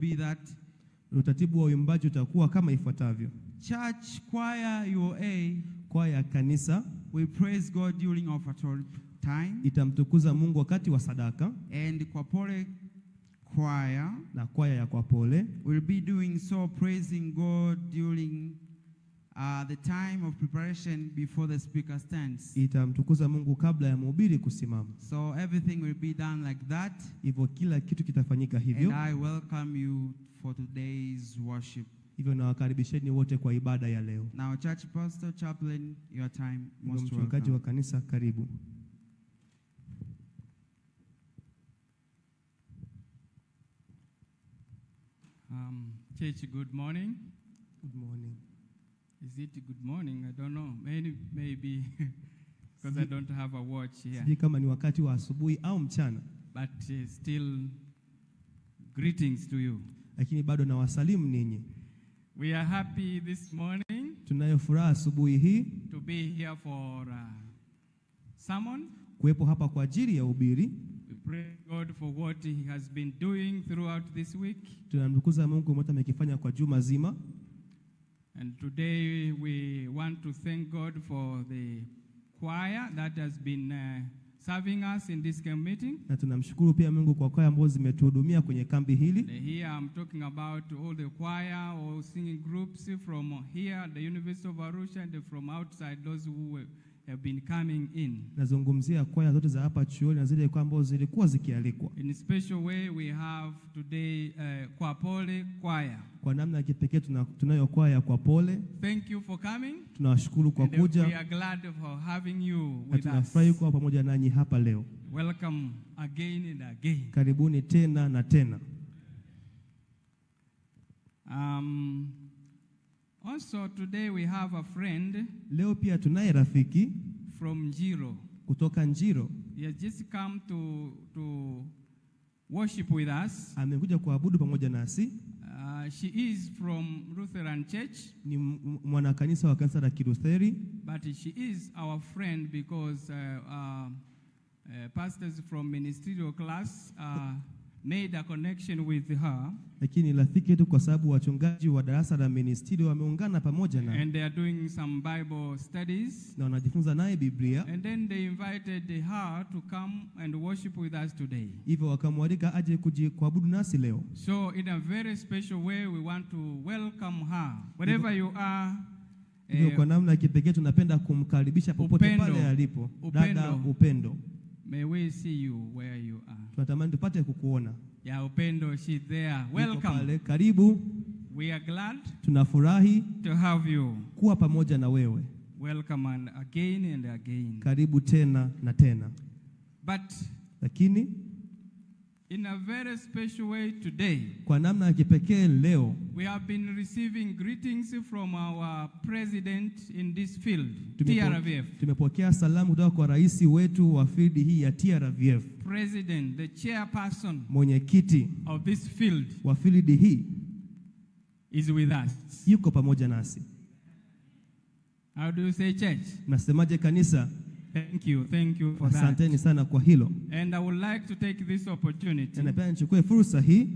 be that utaratibu wa uimbaji utakuwa kama ifuatavyo: church choir UOA, kwaya ya kanisa we praise God during offertory time, itamtukuza Mungu wakati wa sadaka, and kwa pole choir, na kwaya ya kwa pole will be doing so praising God during Uh, the time of preparation before the speaker stands. Itamtukuza Mungu kabla ya mhubiri kusimama. So everything will be done like that. Hivyo kila kitu kitafanyika hivyo. And I welcome you for today's worship. Hivyo nawakaribisheni wote kwa ibada ya leo. Now church pastor, chaplain, your time most welcome. wa kanisa karibu. Um, church, good morning. Good morning. Is it good morning? I don't know. Maybe, maybe because I don't have a watch here. Sijui kama ni wakati wa asubuhi au mchana. But uh, still greetings to you. Lakini bado nawasalimu ninyi. We are happy this morning. Tunayo furaha asubuhi hii. To be here for uh, sermon. Kuwepo hapa kwa ajili ya ubiri. We pray God for what he has been doing throughout this week. Tunamtukuza Mungu mwote amekifanya kwa juma zima. And today we want to thank God for the choir that has been uh, serving us in this camp meeting. Na tunamshukuru pia Mungu kwa kwaya ambazo zimetuhudumia kwenye kambi hili. And here I'm talking about all the choir or singing groups from here the University of Arusha and from outside those who were have been coming in. Nazungumzia kwaya zote za hapa chuoni na zile kwaya ambazo zilikuwa zikialikwa. In a special way we have today uh, kwa pole kwaya. Kwa namna ya kipekee tunayo kwaya ya kwa pole. Thank you for coming. Tunawashukuru kwa uh, kuja. We are glad for having you with us. Tunafurahi kuwa pamoja nanyi hapa leo. Welcome again and again. Karibuni tena na tena. Um, Also today we have a friend leo pia tunaye rafiki from Njiro kutoka Njiro. He has just come to, to worship with us. Amekuja kuabudu pamoja nasi. Uh, she is from Lutheran Church. Ni mwanakanisa wa kanisa la Kilutheri. But she is our friend because uh, uh, uh, pastors from ministerial class uh, made a connection with her, lakini rafiki yetu kwa sababu wachungaji wa darasa la ministiri wameungana pamoja na and they are doing some Bible studies, na wanajifunza naye Biblia, and then they invited her to come and worship with us today. Hivyo wakamwalika aje kuji kuabudu nasi leo. So in a very special way we want to welcome her wherever you are. Hivyo eh, kwa namna ya kipekee tunapenda kumkaribisha popote pale alipo, dada Upendo. May we see you where you are. Tunatamani tupate kukuona. Ya upendo she there. Welcome. Pale, karibu. We are glad. Tunafurahi to have you. Kuwa pamoja na wewe. Welcome and again and again. Karibu tena na tena. But lakini In a very special way today, kwa namna ya kipekee leo, we have been receiving greetings from our president in this field, TRVF. Tumepokea salamu kutoka kwa rais wetu wa field hii ya TRVF. President, the chairperson, mwenyekiti of this field, wa field hii is with us. Yuko pamoja nasi. How do you say church? Nasemaje kanisa? Thank you, thank you for asanteni that. sana kwa hilo. And I would like to take this opportunity na nichukue fursa hii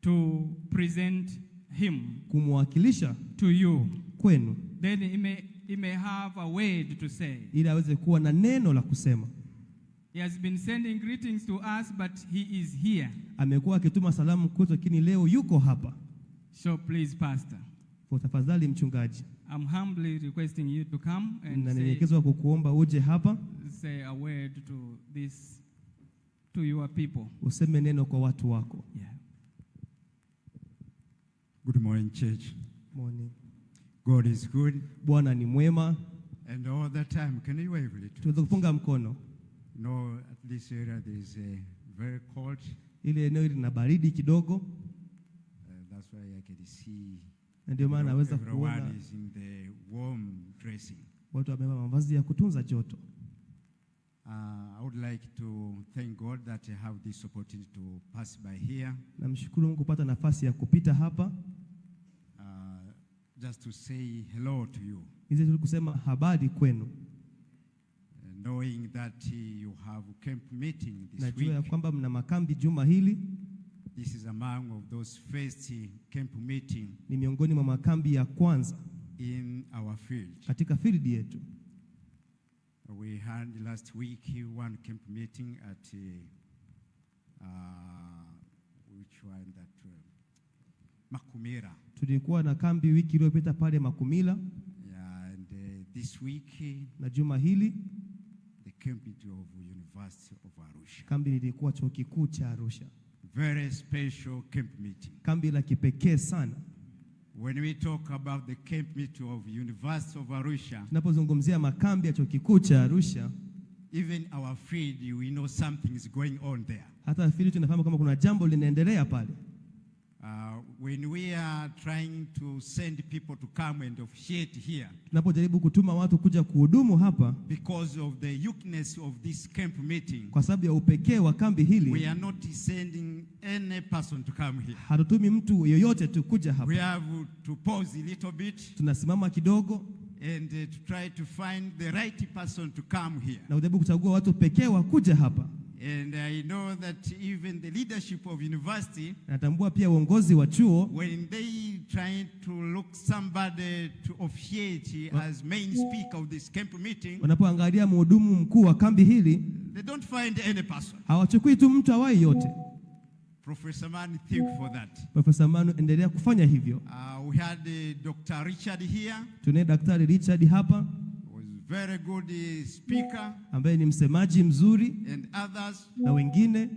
to present him kumwakilisha to you kwenu, then he may, he may have a word to say, ili aweze kuwa na neno la kusema. He has been sending greetings to us but he is here. Amekuwa akituma salamu kwetu, lakini leo yuko hapa. So please pastor, kwa tafadhali mchungaji I'm humbly requesting you to come and nanyenyekezwa kukuomba uje hapa say a word to this to your people. Useme neno kwa watu wako. Yeah. Good morning church. Morning. God is good. Bwana ni mwema. And all the time, can you wave it? Tuweze kupunga mkono. No, at this area there is a very cold. Ile eneo lina baridi kidogo. Uh, that's why I can see na ndio maana naweza kuona watu wamevaa mavazi ya kutunza joto. Uh, I would like to thank God that I have this opportunity to pass by here. Namshukuru Mungu kupata nafasi ya kupita hapa. Uh, just to say hello to you. Nize tu kusema habari kwenu. Knowing that you have camp meeting this week. Najua kwamba mna makambi juma hili. This is among of those first eh, camp meeting ni miongoni mwa makambi ya kwanza in our field. Katika field yetu we had last week eh, one camp meeting at eh, uh, which one that uh, Makumira. Tulikuwa na kambi wiki iliyopita pale Makumira. Yeah, and uh, this week na juma hili the camp of University of Arusha. Kambi lilikuwa chuo kikuu cha Arusha very special camp meeting. Kambi la kipekee sana. When we talk about the camp meeting of University of Arusha. Tunapozungumzia makambi ya chuo kikuu cha Arusha. Even our field, we know something is going on there. Hata field tunafahamu kama kuna jambo linaendelea pale when we are trying to send people to come and officiate here, tunapojaribu kutuma watu kuja kuhudumu hapa, because of the uniqueness of this camp meeting, kwa sababu ya upekee wa kambi hili, we are not sending any person to come here. Hatutumi mtu yoyote tu kuja hapa. We have to pause a little bit, tunasimama kidogo and uh, to try to find the right person to come here, na kujaribu kuchagua watu pekee wa kuja hapa. And I know that even the leadership of university, natambua pia uongozi wa chuo when they trying to look somebody to officiate as main speaker of this camp meeting, wanapoangalia mhudumu mkuu wa kambi hili, they don't find any person. Hawachukui tu mtu awai yote. Professor Manu, thank you for that. Professor Manu, endelea kufanya hivyo. Uh, we had uh, Dr. Richard here. Tunaye Daktari Richard hapa very good eh, speaker, ambaye ni msemaji mzuri and others, na wengine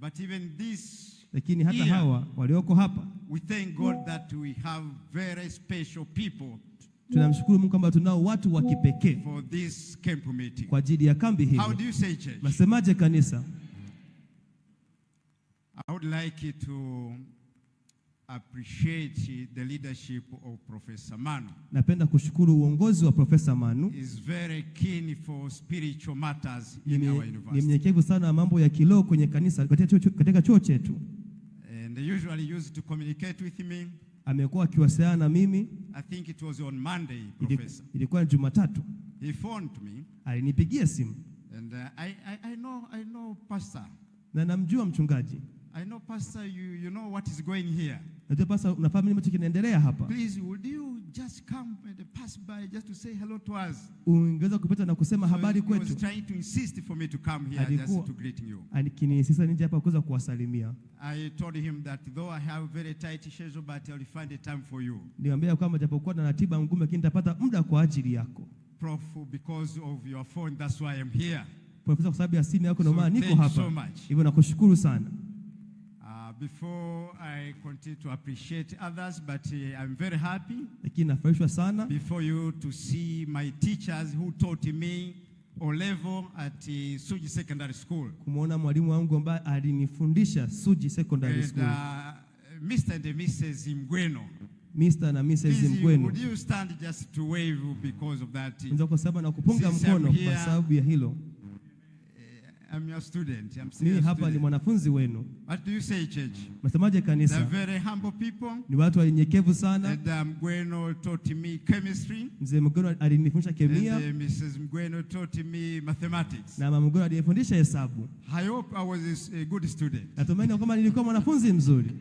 but even this lakini hata hawa walioko hapa we thank God that we have very special people tunamshukuru Mungu kwamba tunao watu wa kipekee for this camp meeting, kwa ajili ya kambi hii. How do you say church? Nasemaje kanisa? I would like to appreciate the leadership of Professor Manu. Napenda kushukuru uongozi wa Professor Manu. He Is very keen for spiritual matters in our university. Ni mnyenyekevu sana mambo ya kiroho kwenye kanisa katika chuo chetu. And usually used to communicate with me. Amekuwa akiwasiliana na mimi. I think it was on Monday, Professor. Ilikuwa ni Jumatatu. He phoned me. Alinipigia simu. And uh, I, I, I know, I know Pastor. Na namjua mchungaji. I know Pastor, you, you know what is going here. Sasa unafahamu nini kinaendelea hapa? Please would you just come and pass by just to say hello to us? Ungeweza kupita na kusema habari kwetu. He was trying to insist for me to come here just to greet you. hapa kuweza kuwasalimia. I told him that though I have very tight schedule but I'll find a time for you. Niambia kwamba japokuwa na ratiba ngumu lakini nitapata muda kwa ajili yako. Prof, because of your phone that's why I'm here. Profesa, kwa sababu ya simu yako ndio maana niko hapa. Hivyo nakushukuru sana before I continue to appreciate others, but uh, I'm very happy. Lakini nafurahishwa sana before you to see my teachers who taught me O level at uh, Suji Secondary School. Kumwona mwalimu wangu ambaye alinifundisha Suji Secondary and, School. uh, Mr. and Mrs. Mgweno. Mr. na Mrs. Mgweno. Would you stand just to wave because of that? Kwa eh? sababu na mkono kwa sababu ya hilo. I'm your student. I'm still Mimi hapa ni mwanafunzi wenu. What do you say, church? Masemaje kanisa? They're very humble people. Ni watu wanyenyekevu sana. And uh, um, Mgweno taught me chemistry. Mzee Mgweno alinifundisha kemia. And, uh, Mrs. Mgweno taught me mathematics. Na mama Mgweno alinifundisha hesabu. I hope I was a good student. Natumaini kama nilikuwa mwanafunzi mzuri.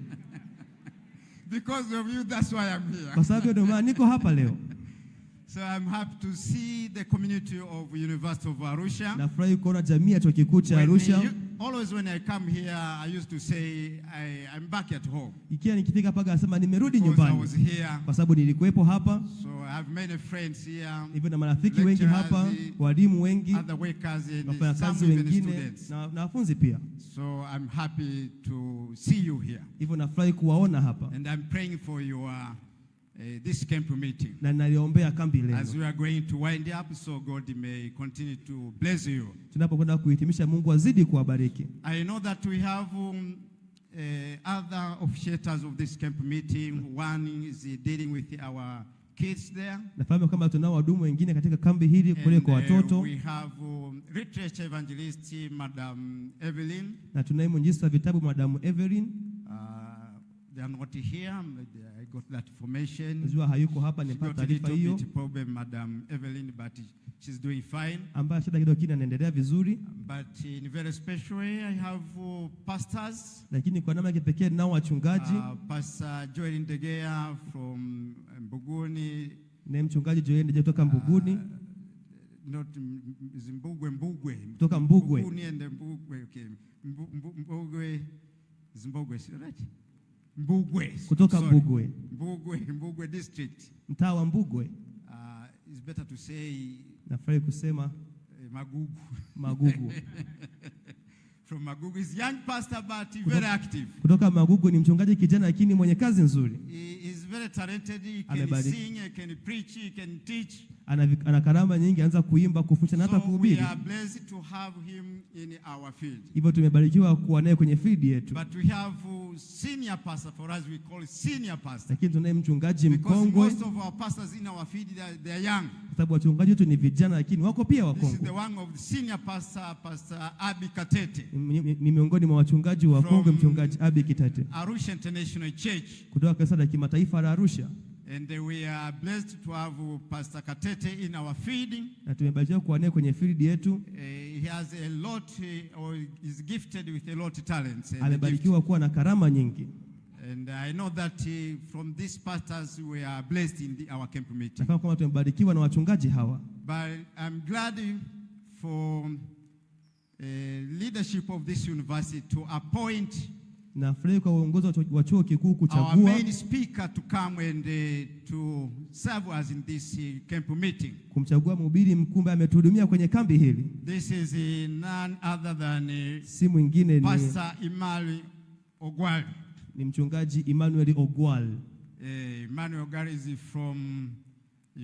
Because of you, that's why I'm here. Kwa sababu ndio maana niko hapa leo. So I'm happy to see the community of University of Arusha. Nafurahi kuona jamii ya chuo kikuu cha Arusha. Always when I come here, I used to say I, I'm back at home. Ikiwa nikifika paka asema nimerudi nyumbani. I was here. Kwa sababu nilikuwepo hapa. So I have many friends here. Hivyo na marafiki wengi hapa, walimu wengi, other workers and wafanyakazi wengine na wanafunzi pia. So I'm happy to see you here. Hivyo nafurahi kuwaona hapa. And I'm praying for your Eh, this camp meeting. Na naliombea kambi leo. As we are going to wind up so God may continue to bless you. Tunapokwenda kuhitimisha Mungu azidi kuwabariki. I know that we have um, uh, other officiators of this camp meeting. One is dealing with our kids there. Nafahamu kama tunao wadumu wengine katika kambi hili kule eh, kwa watoto. Uh, we have um, literature evangelist Madam Evelyn. Na tunaye mwinjisi wa vitabu Madam Evelyn. They are not here. I got that information. hayuko hapa, nilipata taarifa hiyo. problem Madam Evelyn but she's doing fine. Ambayo shida kidogo kina anaendelea vizuri. But in very special way I have uh, pastors. Lakini kwa namna ya kipekee nao wachungaji. Uh, Pastor Joel Ndegea from uh, Mbuguni. Na mchungaji Joel Ndegea kutoka Mbuguni. Uh, not Mbugwe Mbugwe. Kutoka Mbugwe. Mbuguni and Mbugwe. Okay. Mbugwe Zimbabwe, right? Mbugwe. Kutoka Sorry. Mbugwe. Mbugwe, Mbugwe district. Mtaa wa Mbugwe. Uh, it's better to say nafurahi kusema eh, Magugu. Magugu. From Magugu is young pastor but kutoka, very active. Kutoka Magugu ni mchungaji kijana lakini mwenye kazi nzuri. He is very talented. He can sing, he can preach, he can teach ana karama nyingi, anza kuimba, kufundisha na hata kuhubiri. Hivyo tumebarikiwa kuwa naye kwenye field yetu, lakini tunaye mchungaji mkongwe, sababu wachungaji wetu ni vijana, lakini wako pia wakongwe. Ni miongoni mwa wachungaji wakongwe, mchungaji Abi Kitete kutoka kanisa la kimataifa la Arusha. And we are blessed to have Pastor Katete in our feed. Na tumebarikiwa kuwa naye kwenye field yetu. Eh, he has a lot eh, or is gifted with a lot of talents. Amebarikiwa kuwa na karama nyingi. And I know that eh, from these pastors we are blessed in the, our camp meeting. Na kama tumebarikiwa na wachungaji hawa. But I'm glad for uh, leadership of this university to appoint Nafurahi kwa uongozi wa chuo kikuu kuchagua Our main speaker to come and uh, to serve us in this uh, camp meeting. Kumchagua mhubiri mkumbe ametuhudumia kwenye kambi hili. This is uh, none other than uh, si mwingine ni Pastor Imali Ogwal. Ni mchungaji Emmanuel Ogwal. Uh, Emmanuel Ogwal is from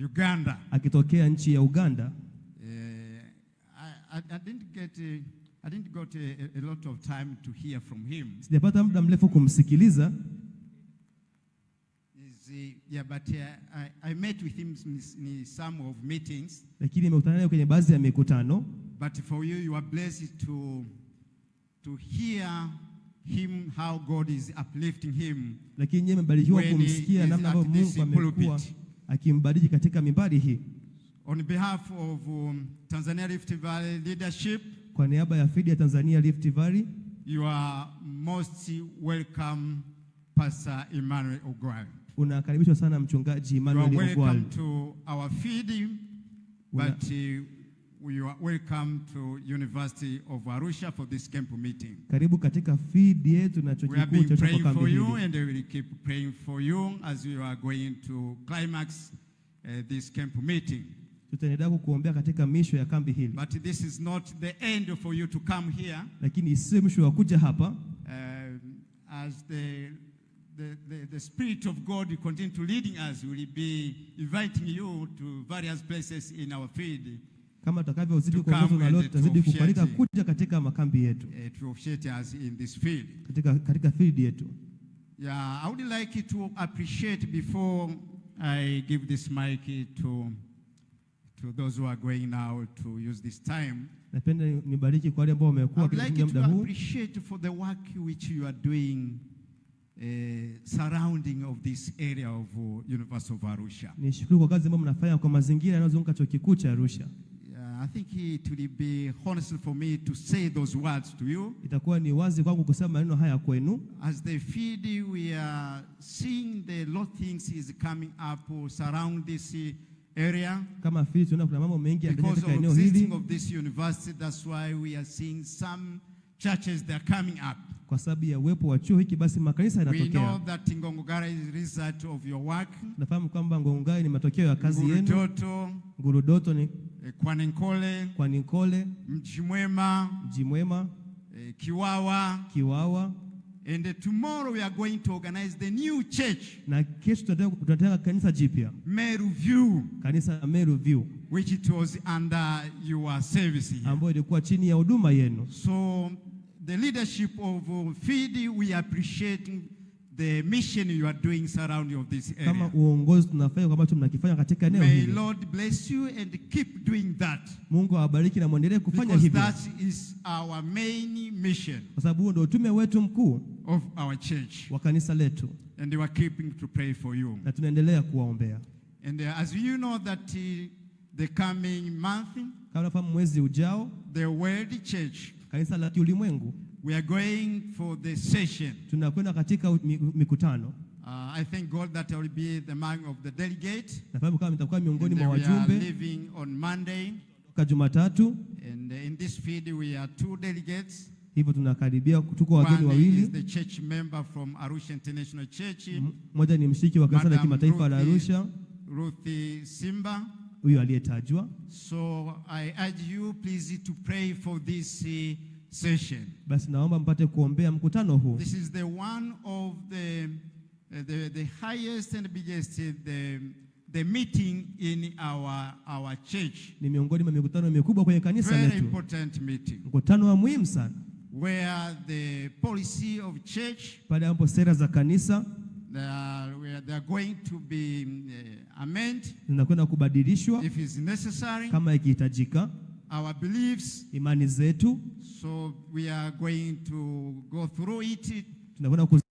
Uganda. Akitokea nchi ya Uganda. Uh, I, I, I didn't get uh, I didn't got a, a lot of time to hear from him. Sijapata muda mrefu kumsikiliza. yeah, but uh, I, I met with him in some of meetings. Lakini nimekutana naye kwenye baadhi ya mikutano. But for you you are blessed to to hear him how God is uplifting him. Lakini nyewe mbarikiwa kumsikia namna ambavyo Mungu amekuwa akimbariki katika mimbari hii. On behalf of um, Tanzania Rift Valley leadership kwa niaba ya Fidia Tanzania Rift Valley, you are most welcome Pastor Emmanuel Ogwal. Unakaribishwa sana mchungaji Emmanuel Ogwal. You are welcome to our feed, but uh, you are welcome to University of Arusha for this camp meeting. Karibu katika feed yetu na chuo kikuu cha Kambi. We are for you and we will keep praying for you as you are going to climax uh, this camp meeting tutaendelea kukuombea katika misho ya kambi hili. But this is not the end for you to come here. Lakini isiwe mwisho wa kuja hapa. Eh, as the The, the, the Spirit of God continue to leading us. We be inviting you to various places in our field. Kama tutakavyozidi kuongozwa na leo tutazidi kukualika kuja katika makambi yetu. Eh, to officiate us in this field. Katika katika field yetu. Yeah, I would like to appreciate before I give this mic to to those who are going now to use this time. Napenda nibariki kwa wale ambao wamekuwa wakitumia muda huu. Appreciate for the work which you are doing uh, surrounding of this area of uh, University of Arusha. Nishukuru kwa kazi ambayo mnafanya kwa mazingira yanayozunguka chuo kikuu cha Arusha. I think it will be honest for me to say those words to you. Itakuwa ni wazi kwangu kusema maneno haya kwenu. As they feed we are seeing the lot things is coming up uh, surround this uh, area kama vile tunaona kuna mambo mengi yanaendelea eneo hili of this university. That's why we are seeing some churches that are coming up. Kwa sababu ya uwepo wa chuo hiki, basi makanisa yanatokea. We know that Ngorongoro is result of your work. Nafahamu kwamba ngongogari ni matokeo ya kazi yenu. Ngurudoto, Ngurudoto ni eh, Kwaninkole, Kwaninkole, Mjimwema. Eh, Kiwawa, Kiwawa And uh, tomorrow we are going to organize the new church. Na kesho tutatenga kanisa jipya. Meru View. Kanisa Meru View. Which it was under your service here. Ambayo ilikuwa chini ya huduma yenu. So the leadership of uh, we appreciate the mission you are doing surrounding of this area. Kama uongozi tunafanya mnakifanya katika eneo hili. May Lord bless you and keep doing that. Mungu awabariki na muendelee kufanya hivyo. Because that is our main mission. Kwa sababu ndio utume wetu mkuu of our church. Wa kanisa letu. And we are keeping to pray for you. Na tunaendelea kuwaombea. And uh, as you know that uh, the coming month, kama mwezi ujao, the world church, kanisa la ulimwengu We are going for the session. Tunakwenda katika mikutano. Uh, I thank God that I will be the man of the delegate. Sababu kama nitakuwa miongoni mwa wajumbe. We are leaving on Monday. Kwa Jumatatu. And in this field we are two delegates. Hivyo tunakaribia tuko wageni wawili. One Is the church member from Arusha International Church. Mmoja ni mshiriki wa kanisa la kimataifa la Arusha. Ruth Simba huyo aliyetajwa. So I urge you please to pray for this uh, session. Basi naomba mpate kuombea mkutano huu. This is the one of the, eh, the, the highest and biggest eh, the, the meeting in our, our church. Ni miongoni mwa mikutano mikubwa kwenye kanisa letu. Very important meeting. Mkutano wa muhimu sana. Where the policy of church, pale ambapo sera za kanisa are, they are going to be uh, kubadilishwa if it's necessary, kama ikihitajika our beliefs, imani zetu. So we are going to go through it. Tunakwenda